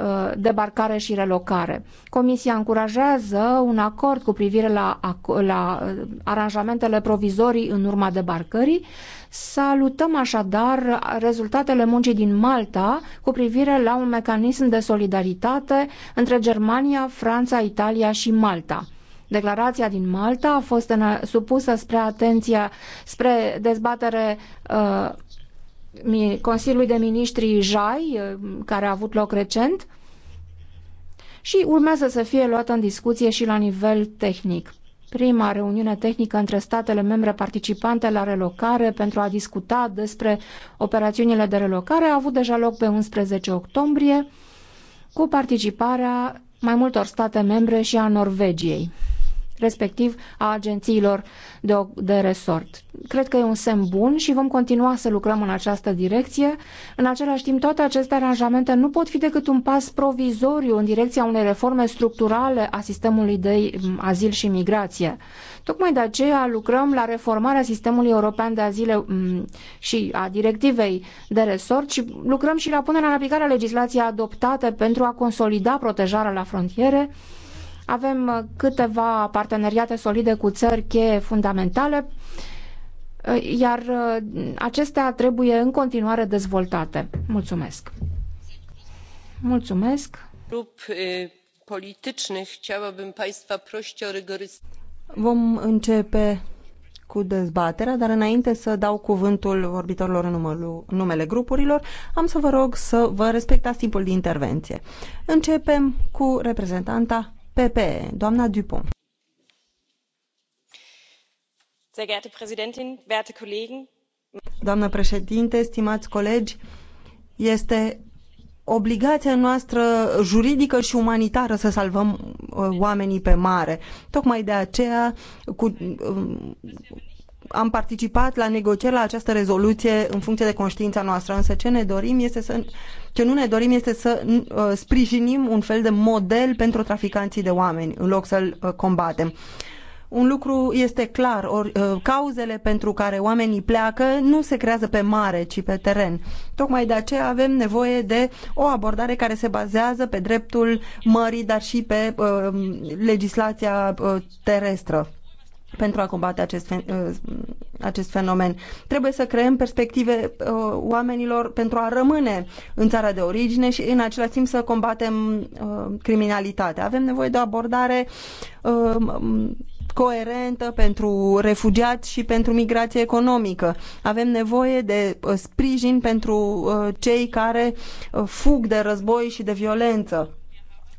Speaker 5: uh, debarcare și relocare. Comisia încurajează un acord cu privire la, la uh, aranjamentele provizorii în urma debarcării. Salutăm așadar rezultatele muncii din Malta cu privire la un mecanism de solidaritate între Germania, Franța, Italia și Malta. Declarația din Malta a fost în, supusă spre atenția, spre dezbatere uh, Consiliului de Ministri JAI, uh, care a avut loc recent, și urmează să fie luată în discuție și la nivel tehnic. Prima reuniune tehnică între statele membre participante la relocare pentru a discuta despre operațiunile de relocare a avut deja loc pe 11 octombrie cu participarea mai multor state membre și a Norvegiei respectiv a agențiilor de, de resort. Cred că e un semn bun și vom continua să lucrăm în această direcție. În același timp, toate aceste aranjamente nu pot fi decât un pas provizoriu în direcția unei reforme structurale a sistemului de mm, azil și migrație. Tocmai de aceea lucrăm la reformarea sistemului european de azile mm, și a directivei de resort și lucrăm și la punerea în aplicare a legislației adoptate pentru a consolida protejarea la frontiere, avem uh, câteva parteneriate solide cu țări cheie fundamentale, uh, iar uh, acestea trebuie în continuare dezvoltate. Mulțumesc! Mulțumesc! Grup
Speaker 7: Vom începe cu dezbaterea, dar înainte să dau cuvântul vorbitorilor în numele grupurilor, am să vă rog să vă respectați timpul de intervenție. Începem cu reprezentanta ppe. doamna Dupont.
Speaker 5: Sehr geehrte Präsidentin, werte Kollegen.
Speaker 7: Doamnă președinte, stimați colegi, este obligația noastră juridică și umanitară să salvăm uh, oamenii pe mare. Tocmai de aceea cu, uh, am participat la negocierea la această rezoluție în funcție de conștiința noastră, însă ce ne dorim este să ce nu ne dorim este să uh, sprijinim un fel de model pentru traficanții de oameni, în loc să-l uh, combatem. Un lucru este clar, or, uh, cauzele pentru care oamenii pleacă nu se creează pe mare, ci pe teren. Tocmai de aceea avem nevoie de o abordare care se bazează pe dreptul mării, dar și pe uh, legislația uh, terestră pentru a combate acest, uh, acest fenomen. Trebuie să creăm perspective uh, oamenilor pentru a rămâne în țara de origine și în același timp să combatem uh, criminalitatea. Avem nevoie de o abordare um, coerentă pentru refugiați și pentru migrație economică. Avem nevoie de sprijin pentru cei care fug de război și de violență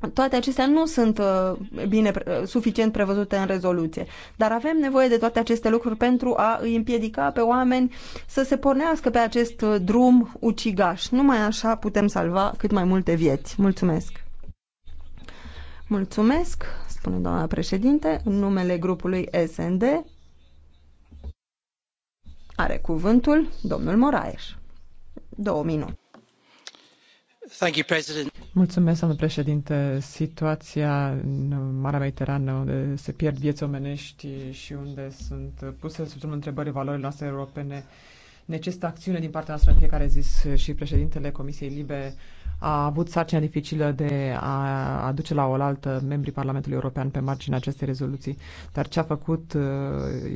Speaker 7: toate acestea nu sunt uh, bine, uh, suficient prevăzute în rezoluție, dar avem nevoie de toate aceste lucruri pentru a îi împiedica pe oameni să se pornească pe acest uh, drum ucigaș. Numai așa putem salva cât mai multe vieți. Mulțumesc! Mulțumesc, spune doamna președinte, în numele grupului SND.
Speaker 6: Are cuvântul domnul Moraes. Două minute. Mulțumesc, domnule președinte. Situația în Marea Mediterană, unde se pierd vieți omenești și unde sunt puse sub semnul întrebării valorile noastre europene, necesită acțiune din partea noastră în fiecare zi și președintele Comisiei Libe a avut sarcina dificilă de a aduce la oaltă membrii Parlamentului European pe marginea acestei rezoluții, dar ce a făcut uh,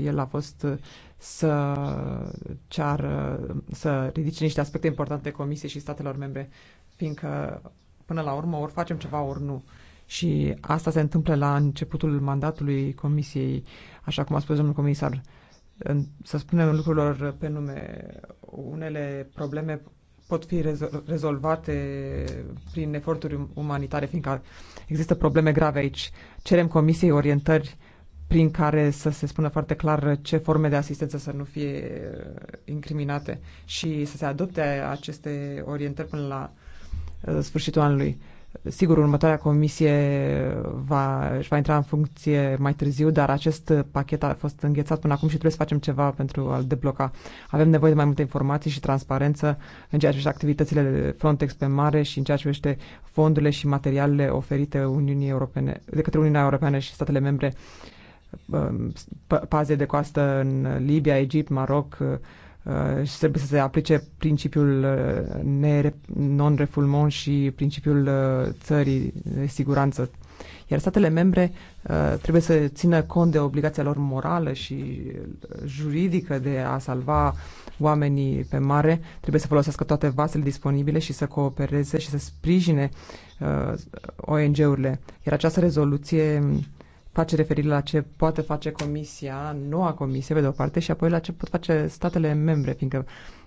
Speaker 6: el a fost uh, să ceară, să ridice niște aspecte importante Comisiei și statelor membre fiindcă până la urmă ori facem ceva, ori nu. Și asta se întâmplă la începutul mandatului comisiei, așa cum a spus domnul comisar, să spunem lucrurilor pe nume. Unele probleme pot fi rezolvate prin eforturi umanitare, fiindcă există probleme grave aici. Cerem comisiei orientări prin care să se spună foarte clar ce forme de asistență să nu fie incriminate și să se adopte aceste orientări până la Uh, sfârșitul anului. Sigur, următoarea comisie va, își va intra în funcție mai târziu, dar acest pachet a fost înghețat până acum și trebuie să facem ceva pentru a-l debloca. Avem nevoie de mai multe informații și transparență în ceea ce privește activitățile Frontex pe mare și în ceea ce privește fondurile și materialele oferite Uniunii Europene, de către Uniunea Europeană și statele membre, um, paze de coastă în Libia, Egipt, Maroc, Uh, și trebuie să se aplice principiul uh, non-refulmon și principiul uh, țării de siguranță. Iar statele membre trebuie să țină cont de obligația lor morală și juridică de a salva oamenii pe mare, trebuie să folosească toate vasele disponibile și să coopereze și să sprijine ONG-urile. Iar această rezoluție face referire la ce poate face Comisia, noua Comisie, pe de o parte, și apoi la ce pot face statele membre, fiindcă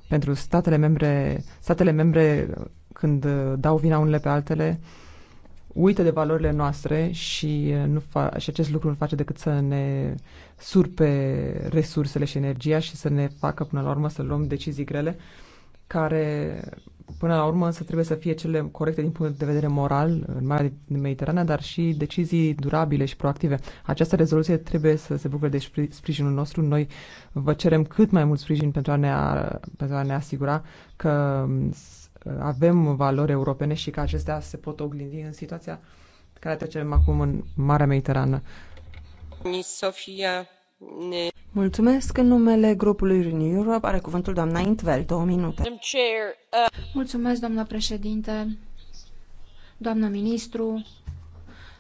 Speaker 6: pentru statele membre, statele membre când dau vina unele pe altele, uită de valorile noastre și, nu fa- și acest lucru nu face decât să ne surpe resursele și energia și să ne facă până la urmă să luăm decizii grele care Până la urmă, însă, trebuie să fie cele corecte din punct de vedere moral în Marea Mediterană, dar și decizii durabile și proactive. Această rezoluție trebuie să se bucure de sprijinul nostru. Noi vă cerem cât mai mult sprijin pentru a ne, pentru a ne asigura că mm, avem valori europene și că acestea se pot oglindi în situația care trecem acum în Marea Mediterană.
Speaker 5: Sofia ne...
Speaker 6: Mulțumesc
Speaker 7: în numele grupului Renew Europe. Are cuvântul doamna Intvel, două minute.
Speaker 5: Uh, Mulțumesc, doamna președinte, doamna ministru,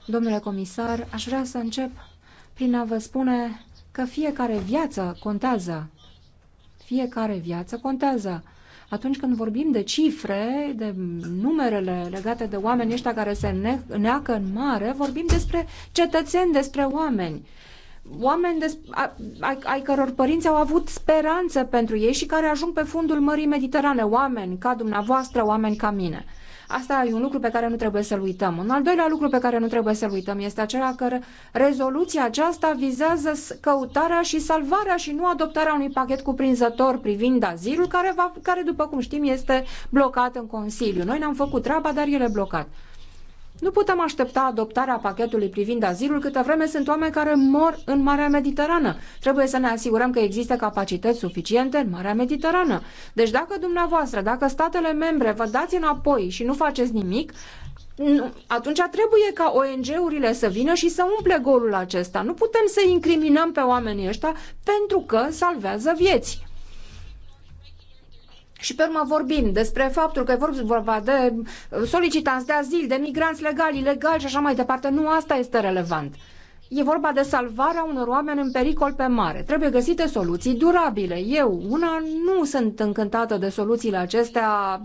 Speaker 5: domnule comisar. Aș vrea să încep prin a vă spune că fiecare viață contează. Fiecare viață contează. Atunci când vorbim de cifre, de numerele legate de oameni ăștia care se ne- neacă în mare, vorbim despre cetățeni, despre oameni oameni des, a, a, ai căror părinți au avut speranță pentru ei și care ajung pe fundul Mării Mediterane, oameni ca dumneavoastră, oameni ca mine. Asta e un lucru pe care nu trebuie să-l uităm. Un al doilea lucru pe care nu trebuie să-l uităm este acela că rezoluția aceasta vizează căutarea și salvarea și nu adoptarea unui pachet cuprinzător privind azilul, care, va, care după cum știm, este blocat în Consiliu. Noi ne-am făcut treaba, dar el e blocat. Nu putem aștepta adoptarea pachetului privind azilul câtă vreme sunt oameni care mor în Marea Mediterană. Trebuie să ne asigurăm că există capacități suficiente în Marea Mediterană. Deci dacă dumneavoastră, dacă statele membre vă dați înapoi și nu faceți nimic, nu, atunci trebuie ca ONG-urile să vină și să umple golul acesta. Nu putem să incriminăm pe oamenii ăștia pentru că salvează vieți. Și pe urmă vorbim despre faptul că e vorba de uh, solicitanți de azil, de migranți legali, ilegali și așa mai departe. Nu asta este relevant. E vorba de salvarea unor oameni în pericol pe mare. Trebuie găsite soluții durabile. Eu, una, nu sunt încântată de soluțiile acestea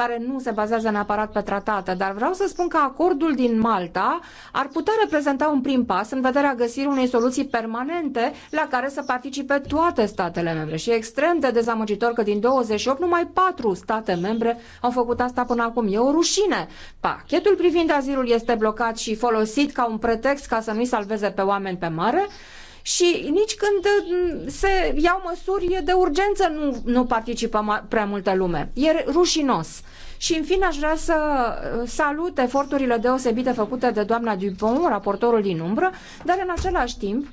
Speaker 5: care nu se bazează neapărat pe tratate, dar vreau să spun că acordul din Malta ar putea reprezenta un prim pas în vederea găsirii unei soluții permanente la care să participe toate statele membre. Și e extrem de dezamăgitor că din 28 numai 4 state membre au făcut asta până acum. E o rușine. Pachetul privind azilul este blocat și folosit ca un pretext ca să nu-i salveze pe oameni pe mare și nici când uh, se iau măsuri de urgență nu, nu participă prea multă lume. E rușinos. Și în fine aș vrea să uh, salut eforturile deosebite făcute de doamna Dupont, raportorul din umbră, dar în același timp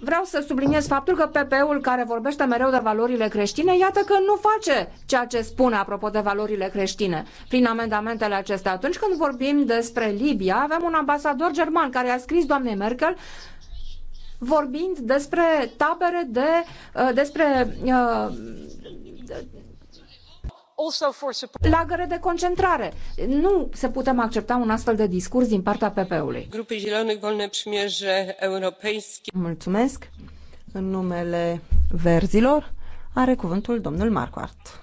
Speaker 5: Vreau să subliniez faptul că PP-ul care vorbește mereu de valorile creștine, iată că nu face ceea ce spune apropo de valorile creștine prin amendamentele acestea. Atunci când vorbim despre Libia, avem un ambasador german care a scris doamnei Merkel vorbind despre tabere de uh, despre uh, lagăre de concentrare. Nu se putem accepta un astfel de discurs din partea
Speaker 7: PP-ului. Mulțumesc. În numele verzilor are cuvântul domnul Marquardt.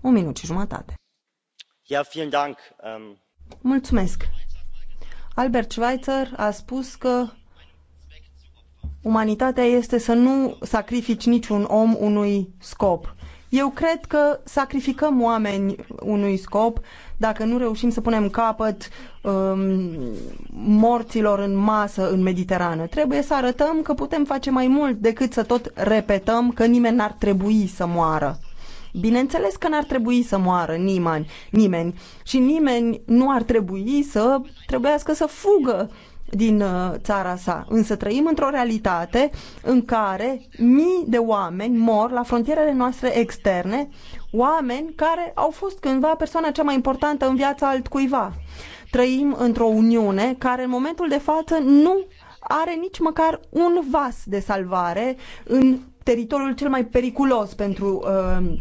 Speaker 7: Un minut și jumătate. Ja, vielen Dank. Um- Mulțumesc. Albert Schweitzer a spus că umanitatea este să nu sacrifici niciun om unui scop. Eu cred că sacrificăm oameni unui scop dacă nu reușim să punem capăt um, morților în masă în Mediterană. Trebuie să arătăm că putem face mai mult decât să tot repetăm că nimeni n-ar trebui să moară. Bineînțeles că n-ar trebui să moară nimeni, nimeni și nimeni nu ar trebui să trebuiască să fugă din uh, țara sa. Însă trăim într-o realitate în care mii de oameni mor la frontierele noastre externe, oameni care au fost cândva persoana cea mai importantă în viața altcuiva. Trăim într-o uniune care în momentul de față nu are nici măcar un vas de salvare în teritoriul cel mai periculos pentru uh,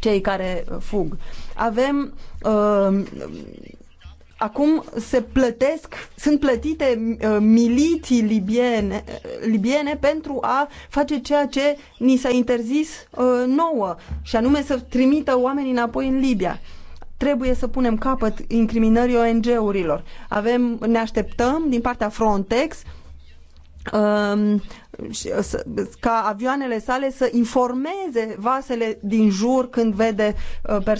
Speaker 7: cei care uh, fug. Avem uh, acum se plătesc, sunt plătite uh, miliții libiene, libiene pentru a face ceea ce ni s-a interzis uh, nouă, și anume să trimită oamenii înapoi în Libia. Trebuie să punem capăt incriminării ONG-urilor. Avem, ne așteptăm din partea Frontex um, uh, ca avioanele sale să informeze vasele din jur când vede persoane